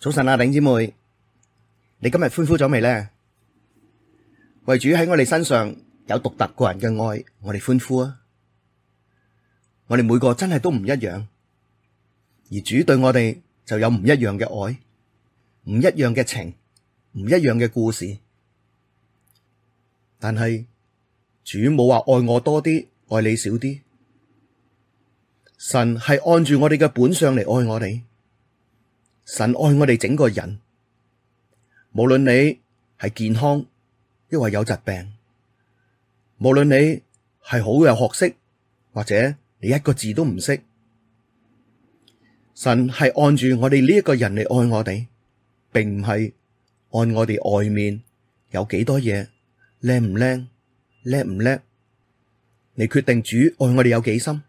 早晨啊，頂姊妹，你今日歡呼咗未呢？為主喺我哋身上有獨特個人嘅愛，我哋歡呼啊！我哋每個真係都唔一樣，而主對我哋就有唔一樣嘅愛，唔一樣嘅情，唔一樣嘅故事。但係主冇話愛我多啲，愛你少啲。神係按住我哋嘅本相嚟愛我哋。神愛我哋整個人，無論你係健康抑或有疾病，無論你係好有學識或者你一個字都唔識，神係按住我哋呢一個人嚟愛我哋，並唔係按我哋外面有幾多嘢靚唔靚、叻唔叻你決定主愛我哋有幾深。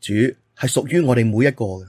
主係屬於我哋每一個嘅。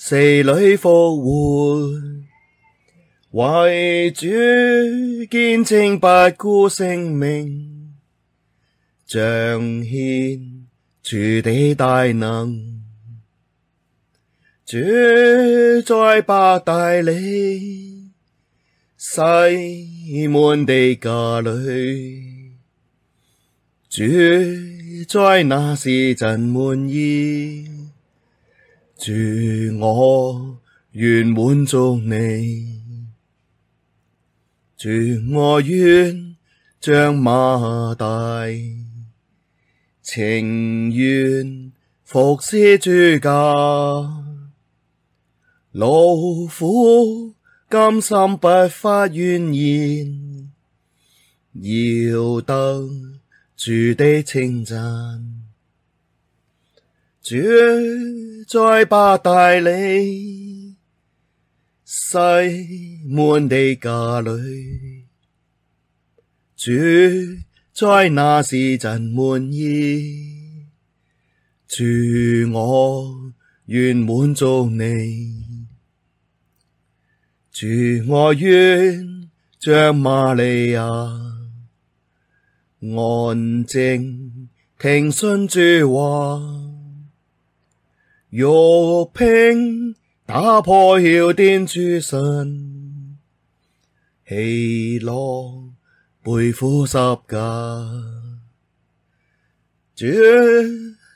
死裡復活，為主見證不顧性命，彰顯主的大能。主在伯大尼，西門的家裡，主在那時真滿意。主我願滿足你，主我願像馬大，情願服侍主家，勞苦甘心不發怨言，要得主的稱讚，主在伯大尼，西門的家裡，主在那時真滿意，主我願滿足你，主我願像瑪利亞，安靜聽信主話。玉瓶打破澆奠主身，喜樂背負十架，主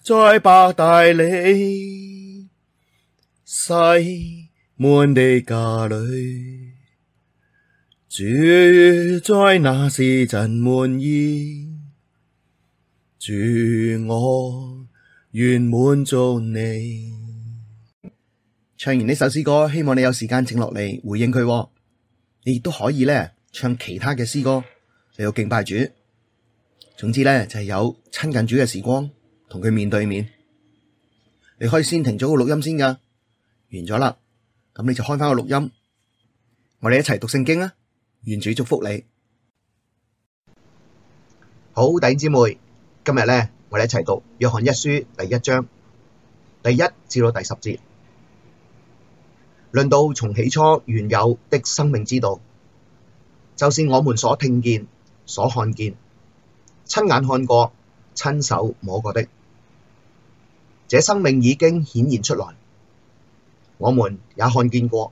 在伯大尼，西門的家裡，主在那時真滿意，主我。圓滿做你唱完呢首詩歌，希望你有時間靜落嚟回應佢。你亦都可以咧唱其他嘅詩歌，你到敬拜主。總之咧就係有親近主嘅時光，同佢面對面。你可以先停咗個錄音先噶，完咗啦，咁你就開翻個錄音，我哋一齊讀聖經啊！願主祝福你。好，弟兄姊妹，今日咧。我哋一齊讀《約翰一書》第一章第一至到第十節，論到從起初原有的生命之道，就是我們所聽見、所看見、親眼看過、親手摸過的。這生命已經顯現出來，我們也看見過，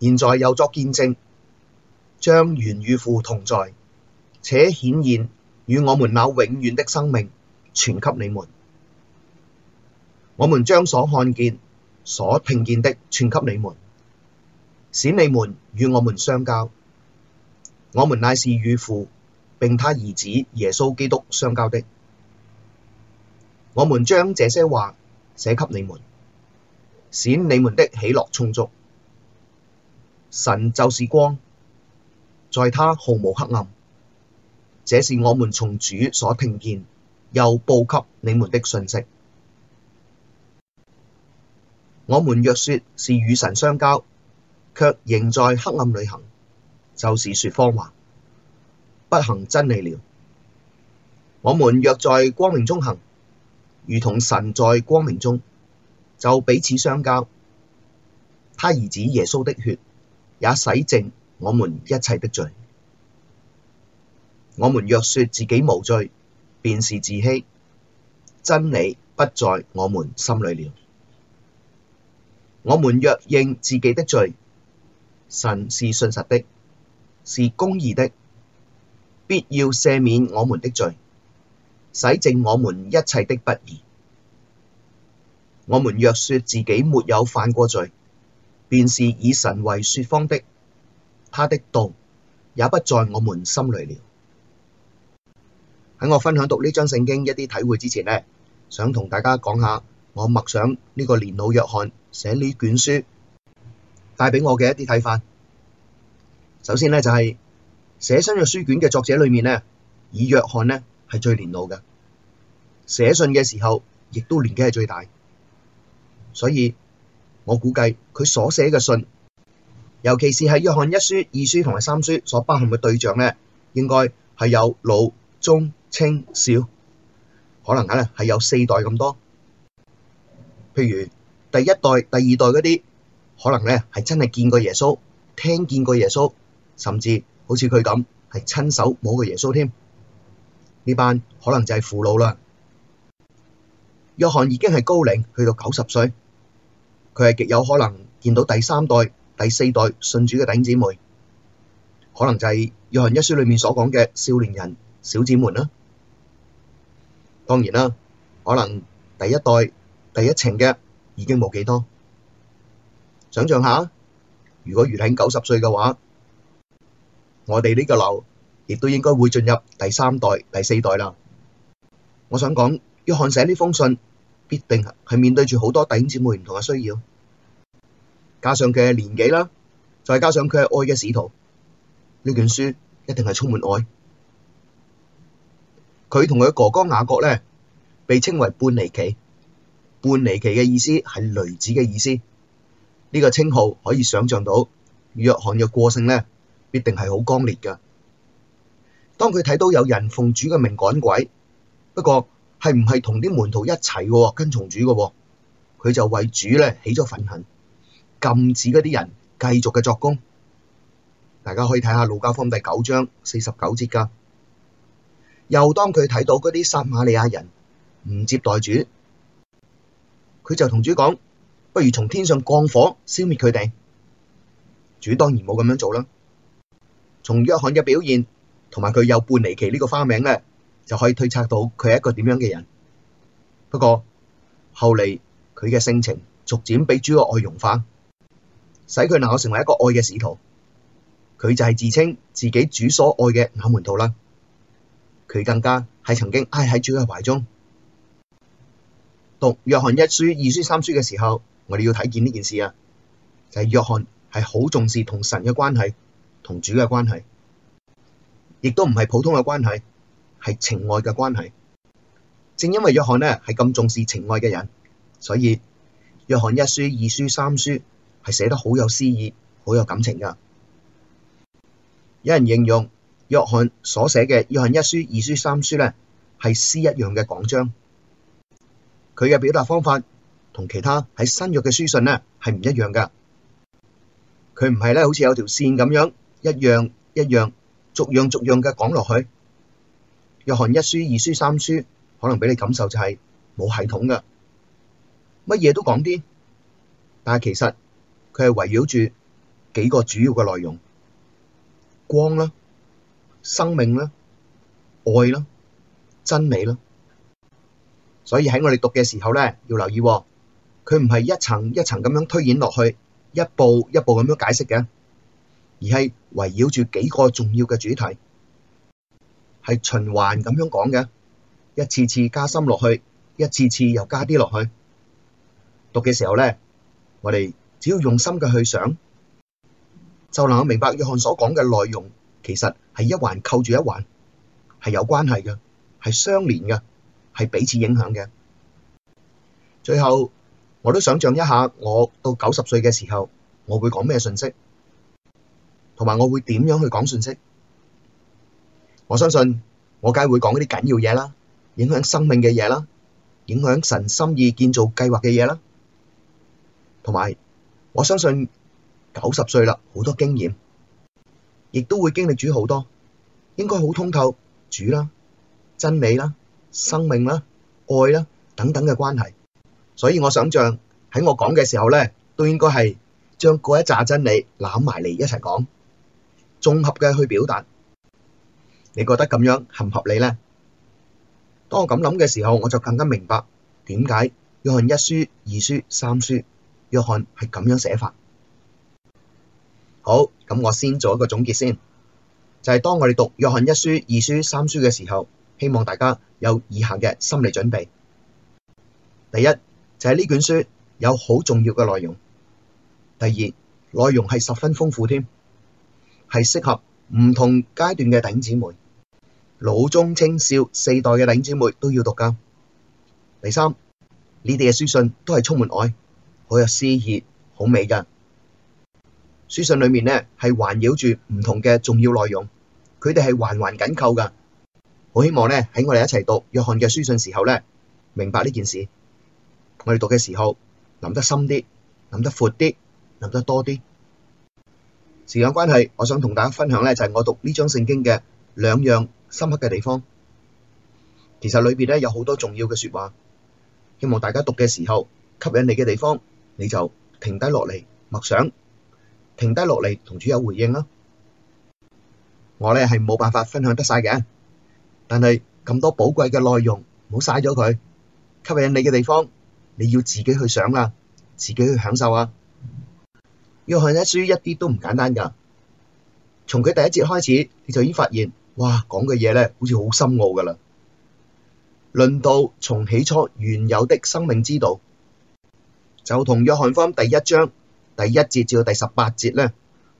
現在又作見證，將原與父同在，且顯現與我們那永遠的生命。傳給你們，我們將所看見、所聽見的傳給你們。使你們與我們相交，我們乃是與父並他兒子耶穌基督相交的。我們將這些話寫給你們，使你們的喜樂充足。神就是光，在他毫無黑暗。這是我們從主所聽見。又報給你們的信息。我們若說是與神相交，卻仍在黑暗裡行，就是說謊話，不行真理了。我們若在光明中行，如同神在光明中，就彼此相交。他兒子耶穌的血也洗淨我們一切的罪。我們若說自己無罪，便是自欺，真理不在我們心裡了。我們若認自己的罪，神是信實的，是公義的，必要赦免我們的罪，洗淨我們一切的不義。我們若說自己沒有犯過罪，便是以神為說謊的，他的道也不在我們心裡了。喺我分享讀呢張聖經一啲體會之前呢，想同大家講下我默想呢個年老約翰寫呢卷書帶俾我嘅一啲睇法。首先呢，就係寫新約書卷嘅作者裏面呢，以約翰呢係最年老嘅，寫信嘅時候亦都年紀係最大，所以我估計佢所寫嘅信，尤其是係約翰一書、二書同埋三書所包含嘅對象呢，應該係有老中清少可能啊，係有四代咁多。譬如第一代、第二代嗰啲，可能咧係真係見過耶穌、聽見過耶穌，甚至好似佢咁，係親手摸過耶穌添。呢班可能就係父老啦。約翰已經係高齡，去到九十歲，佢係極有可能見到第三代、第四代信主嘅弟兄姊妹，可能就係約翰一書裏面所講嘅少年人、小姊妹啦。當然啦，可能第一代、第一層嘅已經冇幾多。想像下，如果餘慶九十歲嘅話，我哋呢個樓亦都應該會進入第三代、第四代啦。我想講，約翰寫呢封信，必定係面對住好多弟兄姊妹唔同嘅需要，加上佢嘅年紀啦，再加上佢係愛嘅使徒，呢卷書一定係充滿愛。佢同佢哥哥雅各咧，被稱為半尼奇。半尼奇嘅意思係雷子嘅意思。呢、這個稱號可以想象到，約翰嘅個性咧必定係好剛烈噶當佢睇到有人奉主嘅命趕鬼，不過係唔係同啲門徒一齊嘅，跟從主嘅，佢就為主咧起咗憤恨，禁止嗰啲人繼續嘅作工。大家可以睇下《路加福音》第九章四十九節噶又當佢睇到嗰啲撒瑪利亞人唔接待主，佢就同主講：不如從天上降火消滅佢哋。主當然冇咁樣做啦。從約翰嘅表現同埋佢有半尼奇呢個花名咧，就可以推測到佢係一個點樣嘅人。不過後嚟佢嘅性情逐漸俾主嘅愛融化，使佢能夠成為一個愛嘅使徒。佢就係自稱自己主所愛嘅門徒啦。佢更加係曾經，唉、哎、喺主嘅懷中讀約翰一書、二書、三書嘅時候，我哋要睇見呢件事啊，就係約翰係好重視同神嘅關係，同主嘅關係，亦都唔係普通嘅關係，係情愛嘅關係。正因為約翰呢係咁重視情愛嘅人，所以約翰一書、二書、三書係寫得好有詩意，好有感情噶。有人形容。約翰所寫嘅約翰一書、二書、三書咧，係詩一樣嘅講章。佢嘅表達方法同其他喺新約嘅書信咧係唔一樣噶。佢唔係咧，好似有條線咁樣一樣一樣逐樣逐樣嘅講落去。約翰一書、二書、三書可能畀你感受就係冇系統噶，乜嘢都講啲，但係其實佢係圍繞住幾個主要嘅內容，光啦。生命啦，愛啦，真美啦，所以喺我哋讀嘅時候咧，要留意，佢唔係一層一層咁樣推演落去，一步一步咁樣解釋嘅，而係圍繞住幾個重要嘅主題，係循環咁樣講嘅，一次次加深落去，一次次又加啲落去。讀嘅時候咧，我哋只要用心嘅去想，就能夠明白約翰所講嘅內容。其實係一環扣住一環，係有關係嘅，係相連嘅，係彼此影響嘅。最後我都想像一下，我到九十歲嘅時候，我會講咩信息，同埋我會點樣去講信息。我相信我梗係會講嗰啲緊要嘢啦，影響生命嘅嘢啦，影響神心意建造計劃嘅嘢啦，同埋我相信九十歲啦，好多經驗。亦都會經歷主好多，應該好通透主啦、真理啦、生命啦、愛啦等等嘅關係，所以我想象喺我講嘅時候咧，都應該係將嗰一紮真理攬埋嚟一齊講，綜合嘅去表達。你覺得咁樣合唔合理咧？當我咁諗嘅時候，我就更加明白點解約翰一書、二書、三書，約翰係咁樣寫法。好，咁我先做一個總結先，就係、是、當我哋讀約翰一書、二書、三書嘅時候，希望大家有以下嘅心理準備。第一，就係、是、呢卷書有好重要嘅內容。第二，內容係十分豐富添，係適合唔同階段嘅弟兄姊妹，老中青少四代嘅弟兄姊妹都要讀噶。第三，你哋嘅書信都係充滿愛，好有詩意，好美噶。書信裏面咧係環繞住唔同嘅重要內容，佢哋係環環緊扣噶。我希望咧喺我哋一齊讀約翰嘅書信時候呢，明白呢件事。我哋讀嘅時候諗得深啲，諗得闊啲，諗得多啲。時間關係，我想同大家分享呢，就係我讀呢章聖經嘅兩樣深刻嘅地方。其實裏邊咧有好多重要嘅說話，希望大家讀嘅時候吸引你嘅地方，你就停低落嚟默想。停低落嚟同主有回應啊！我咧係冇辦法分享得晒嘅，但係咁多寶貴嘅內容，唔好嘥咗佢。吸引你嘅地方，你要自己去想啦、啊，自己去享受啊！約翰一書一啲都唔簡單噶，從佢第一節開始，你就已經發現，哇，講嘅嘢咧，好似好深奧㗎啦。論到從起初原有的生命之道，就同約翰福音第一章。第一節至到第十八節咧，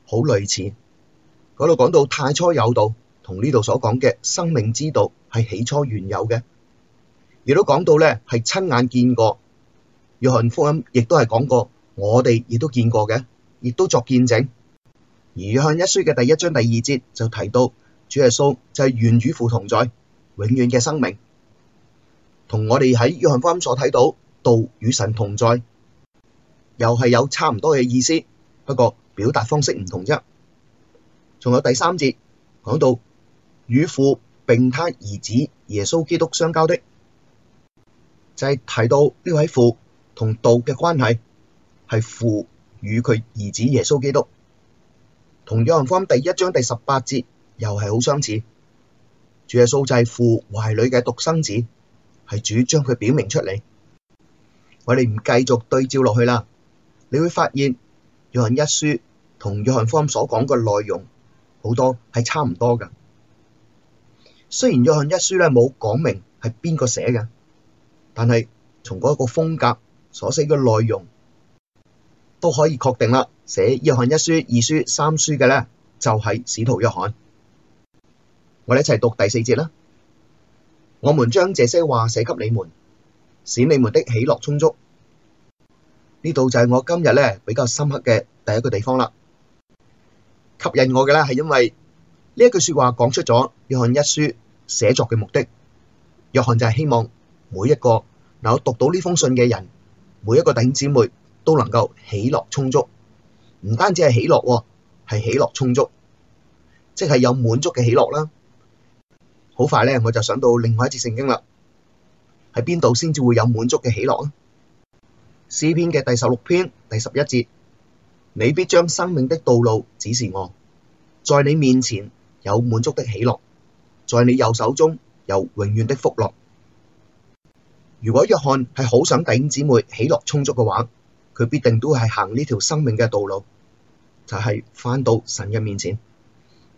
好類似嗰度，講到太初有道，同呢度所講嘅生命之道係起初原有嘅，亦都講到咧係親眼見過。約翰福音亦都係講過，我哋亦都見過嘅，亦都作見證。而約翰一書嘅第一章第二節就提到，主耶穌就係原與父同在，永遠嘅生命，同我哋喺約翰福音所睇到，道與神同在。又係有差唔多嘅意思，不過表達方式唔同啫。仲有第三節講到與父並他兒子耶穌基督相交的，就係、是、提到呢位父同道嘅關係係父與佢兒子耶穌基督，同約翰福音第一章第十八節又係好相似。主耶穌就係父懷裏嘅獨生子，係主將佢表明出嚟。我哋唔繼續對照落去啦。你會發現《約翰一書》同約翰福音所講嘅內容好多係差唔多噶雖然《約翰一書》咧冇講明係邊個寫嘅，但係從嗰個風格所寫嘅內容都可以確定啦，寫《約翰一書》、二書、三書嘅咧就係、是、使徒約翰。我哋一齊讀第四節啦。我們將這些話寫給你們，使你們的喜樂充足。呢度就係我今日咧比較深刻嘅第一個地方啦，吸引我嘅啦係因為呢一句說話講出咗約翰一書寫作嘅目的，約翰就係希望每一個能夠讀到呢封信嘅人，每一個弟兄姊妹都能夠喜樂充足，唔單止係喜樂喎，係喜樂充足，即係有滿足嘅喜樂啦。好快咧我就想到另外一節聖經啦，喺邊度先至會有滿足嘅喜樂啊？詩篇嘅第十六篇第十一節：你必將生命的道路指示我，在你面前有滿足的喜樂，在你右手中有永遠的福樂。如果約翰係好想弟兄姊妹喜樂充足嘅話，佢必定都係行呢條生命嘅道路，就係翻到神嘅面前。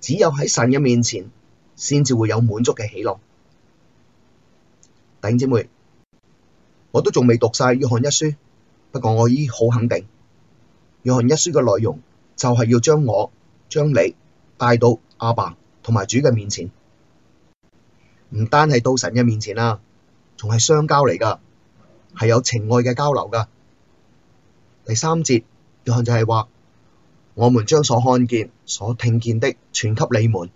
只有喺神嘅面前，先至會有滿足嘅喜樂。弟兄姊妹，我都仲未讀晒約翰一書。不過我已經好肯定，約翰一書嘅內容就係要將我將你帶到阿爸同埋主嘅面前，唔單係到神嘅面前啦，仲係相交嚟噶，係有情愛嘅交流噶第三節約翰就係話，我們將所看見、所聽見的，傳給你們，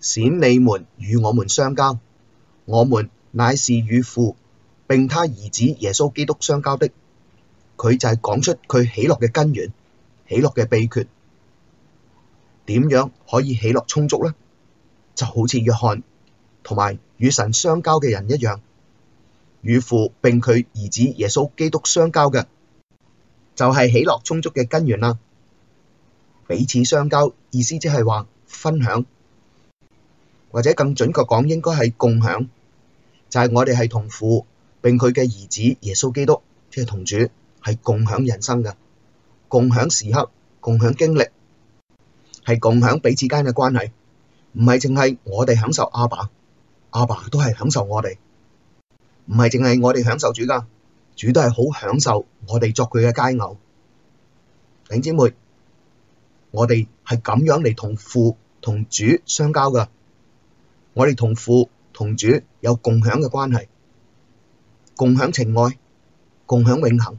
使你們與我們相交，我們乃是與父並他兒子耶穌基督相交的。佢就係講出佢喜樂嘅根源、喜樂嘅秘訣，點樣可以喜樂充足呢？就好似約翰同埋與神相交嘅人一樣，與父並佢兒子耶穌基督相交嘅，就係喜樂充足嘅根源啦。彼此相交意思即係話分享，或者更準確講，應該係共享，就係、是、我哋係同父並佢嘅兒子耶穌基督即係同主。係共享人生噶，共享時刻，共享經歷，係共享彼此間嘅關係，唔係淨係我哋享受阿爸，阿爸都係享受我哋，唔係淨係我哋享受主噶，主都係好享受我哋作佢嘅佳偶。弟兄姊妹，我哋係咁樣嚟同父同主相交噶，我哋同父同主有共享嘅關係，共享情愛，共享永恒。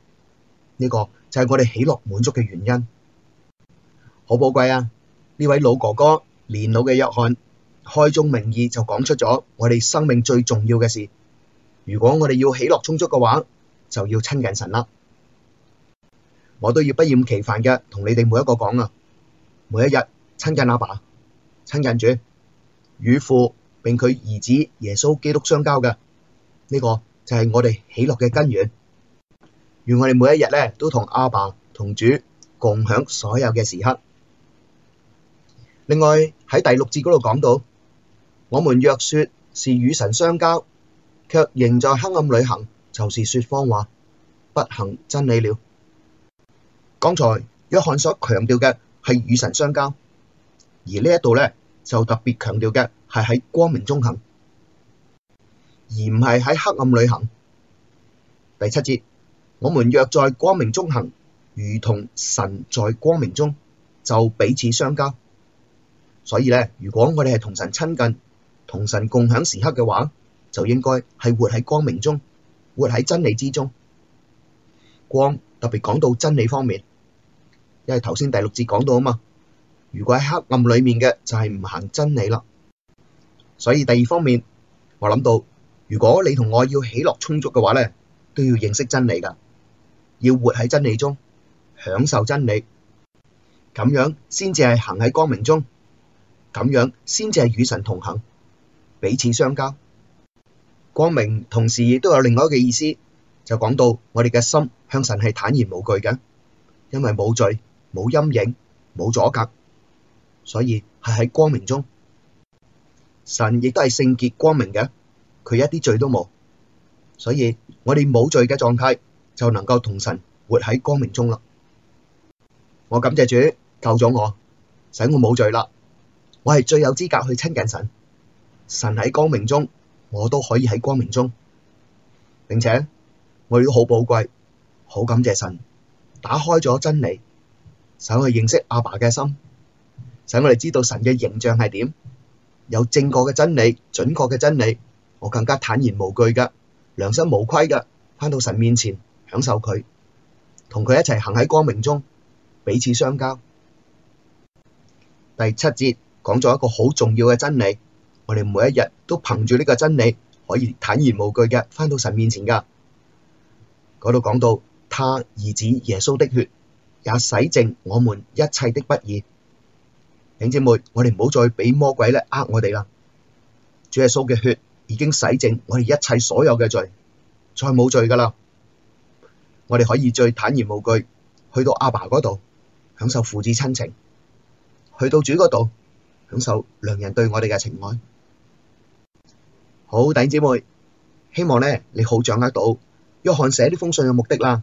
呢個就係我哋喜樂滿足嘅原因，好寶貴啊！呢位老哥哥，年老嘅約翰，開宗明義就講出咗我哋生命最重要嘅事。如果我哋要喜樂充足嘅話，就要親近神啦。我都要不厭其煩嘅同你哋每一個講啊，每一日親近阿爸、親近主、與父並佢兒子耶穌基督相交嘅。呢、這個就係我哋喜樂嘅根源。願我哋每一日咧都同阿爸、同主共享所有嘅時刻。另外喺第六節嗰度講到，我們若說是與神相交，卻仍在黑暗裏行，就是說謊話，不行真理了。剛才約翰所強調嘅係與神相交，而呢一度咧就特別強調嘅係喺光明中行，而唔係喺黑暗裏行。第七節。我們若在光明中行，如同神在光明中，就彼此相交。所以咧，如果我哋係同神親近、同神共享時刻嘅話，就應該係活喺光明中，活喺真理之中。光特別講到真理方面，因為頭先第六節講到啊嘛，如果喺黑暗裏面嘅，就係、是、唔行真理啦。所以第二方面，我諗到，如果你同我要喜樂充足嘅話咧，都要認識真理噶。要活喺真理中，享受真理，咁樣先至係行喺光明中，咁樣先至係與神同行，彼此相交。光明同時亦都有另外一個意思，就講到我哋嘅心向神係坦然無懼嘅，因為冇罪、冇陰影、冇阻隔，所以係喺光明中。神亦都係聖潔光明嘅，佢一啲罪都冇，所以我哋冇罪嘅狀態。就能夠同神活喺光明中啦。我感謝主救咗我，使我冇罪啦。我係最有資格去親近神。神喺光明中，我都可以喺光明中，並且我要好寶貴，好感謝神打開咗真理，想去認識阿爸嘅心，使我哋知道神嘅形象係點，有正確嘅真理、準確嘅真理。我更加坦然無懼噶，良心無愧噶，翻到神面前。享受佢，同佢一齊行喺光明中，彼此相交。第七節講咗一個好重要嘅真理，我哋每一日都憑住呢個真理，可以坦然無懼嘅翻到神面前噶。嗰度講到，他兒子耶穌的血也洗淨我們一切的不義。弟兄姊妹，我哋唔好再俾魔鬼咧呃我哋啦。主耶穌嘅血已經洗淨我哋一切所有嘅罪，再冇罪噶啦。我哋可以最坦然無懼，去到阿爸嗰度享受父子親情，去到主嗰度享受良人對我哋嘅情愛。好弟姐妹，希望咧你好掌握到約翰寫呢封信嘅目的啦。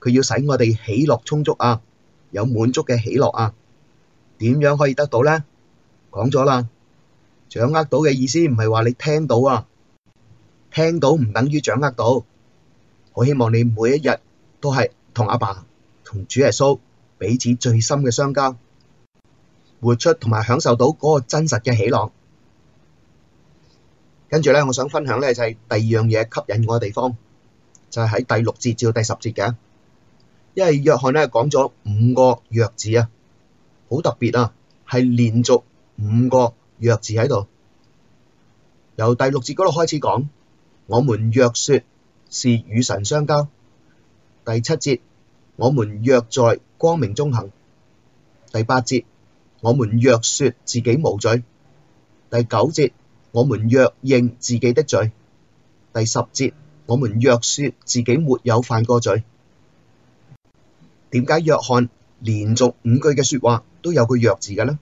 佢要使我哋喜樂充足啊，有滿足嘅喜樂啊。點樣可以得到咧？講咗啦，掌握到嘅意思唔係話你聽到啊，聽到唔等於掌握到。我希望你每一日。都係同阿爸、同主耶穌彼此最深嘅相交，活出同埋享受到嗰個真實嘅喜樂。跟住咧，我想分享咧就係、是、第二樣嘢吸引我嘅地方，就係、是、喺第六節至到第十節嘅，因為約翰咧講咗五個若字啊，好特別啊，係連續五個若字喺度，由第六節嗰度開始講，我們若説是與神相交。第七節，我們若在光明中行；第八節，我們若說自己無罪；第九節，我們若認自己的罪；第十節，我們若說自己沒有犯過罪。點解約翰連續五句嘅說話都有句若字嘅呢？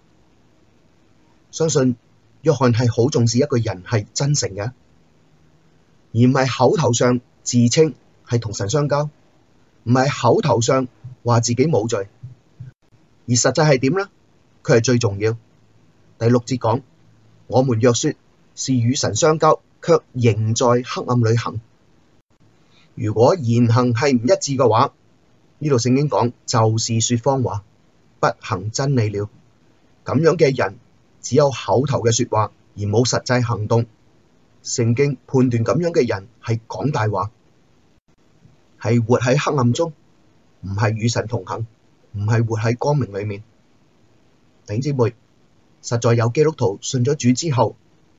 相信約翰係好重視一個人係真誠嘅，而唔係口頭上自稱係同神相交。唔係口頭上話自己冇罪，而實際係點呢？佢係最重要。第六節講，我們若說是與神相交，却仍在黑暗裡行。如果言行係唔一致嘅話，呢度聖經講就是說謊話，不行真理了。咁樣嘅人只有口頭嘅說話，而冇實際行動。聖經判斷咁樣嘅人係講大話。係活喺黑暗中，唔係與神同行，唔係活喺光明裏面。弟兄姊妹，實在有基督徒信咗主之後，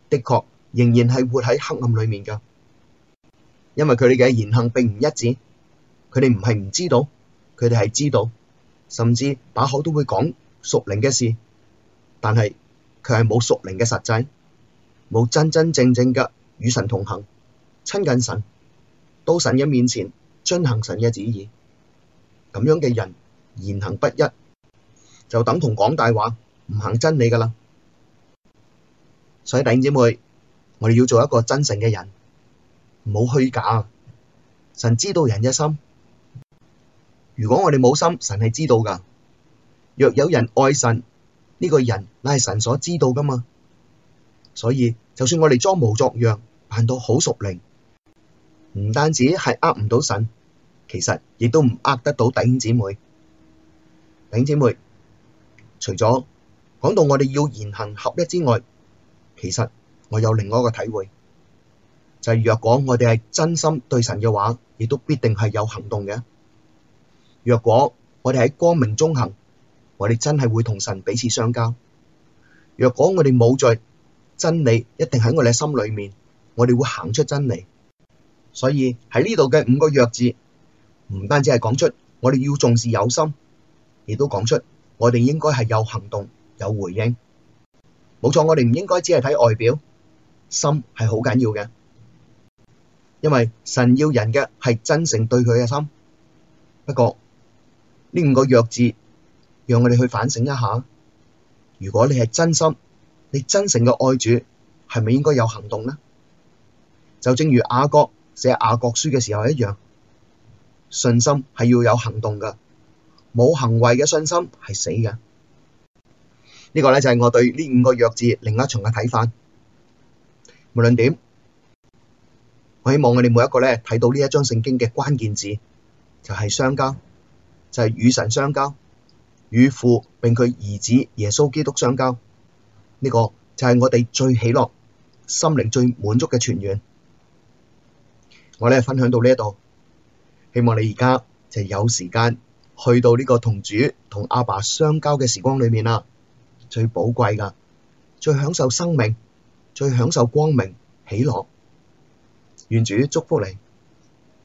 的確仍然係活喺黑暗裏面噶，因為佢哋嘅言行並唔一致。佢哋唔係唔知道，佢哋係知道，甚至把口都會講屬靈嘅事，但係佢係冇屬靈嘅實際，冇真真正正嘅與神同行、親近神、到神嘅面前。遵行神嘅旨意，咁樣嘅人言行不一，就等同講大話，唔行真理噶啦。所以弟姐妹，我哋要做一個真誠嘅人，唔好虛假。神知道人嘅心，如果我哋冇心，神係知道噶。若有人愛神，呢個人乃係神所知道噶嘛。所以就算我哋裝模作樣，扮到好熟靈，唔單止係呃唔到神。其實亦都唔呃得到弟兄姊妹。弟兄姊妹，除咗講到我哋要言行合一之外，其實我有另外一個體會，就係、是、若果我哋係真心對神嘅話，亦都必定係有行動嘅。若果我哋喺光明中行，我哋真係會同神彼此相交。若果我哋冇罪，真理一定喺我哋心裏面，我哋會行出真理。所以喺呢度嘅五個若字。唔單止係講出，我哋要重視有心，亦都講出我哋應該係有行動有回應。冇錯，我哋唔應該只係睇外表，心係好緊要嘅。因為神要人嘅係真誠對佢嘅心。不過呢五個弱字，讓我哋去反省一下：如果你係真心，你真誠嘅愛主，係咪應該有行動呢？就正如雅各寫雅各，寫雅各書嘅時候一樣。信心係要有行動噶，冇行為嘅信心係死嘅。呢、這個咧就係我對呢五個若字另一層嘅睇法。無論點，我希望我哋每一個咧睇到呢一章聖經嘅關鍵字，就係、是、相交，就係、是、與神相交，與父並佢兒子耶穌基督相交。呢、這個就係我哋最喜樂、心靈最滿足嘅泉源。我咧分享到呢一度。希望你而家就有時間去到呢個同主同阿爸相交嘅時光裏面啦，最寶貴噶，最享受生命，最享受光明喜樂。願主祝福你。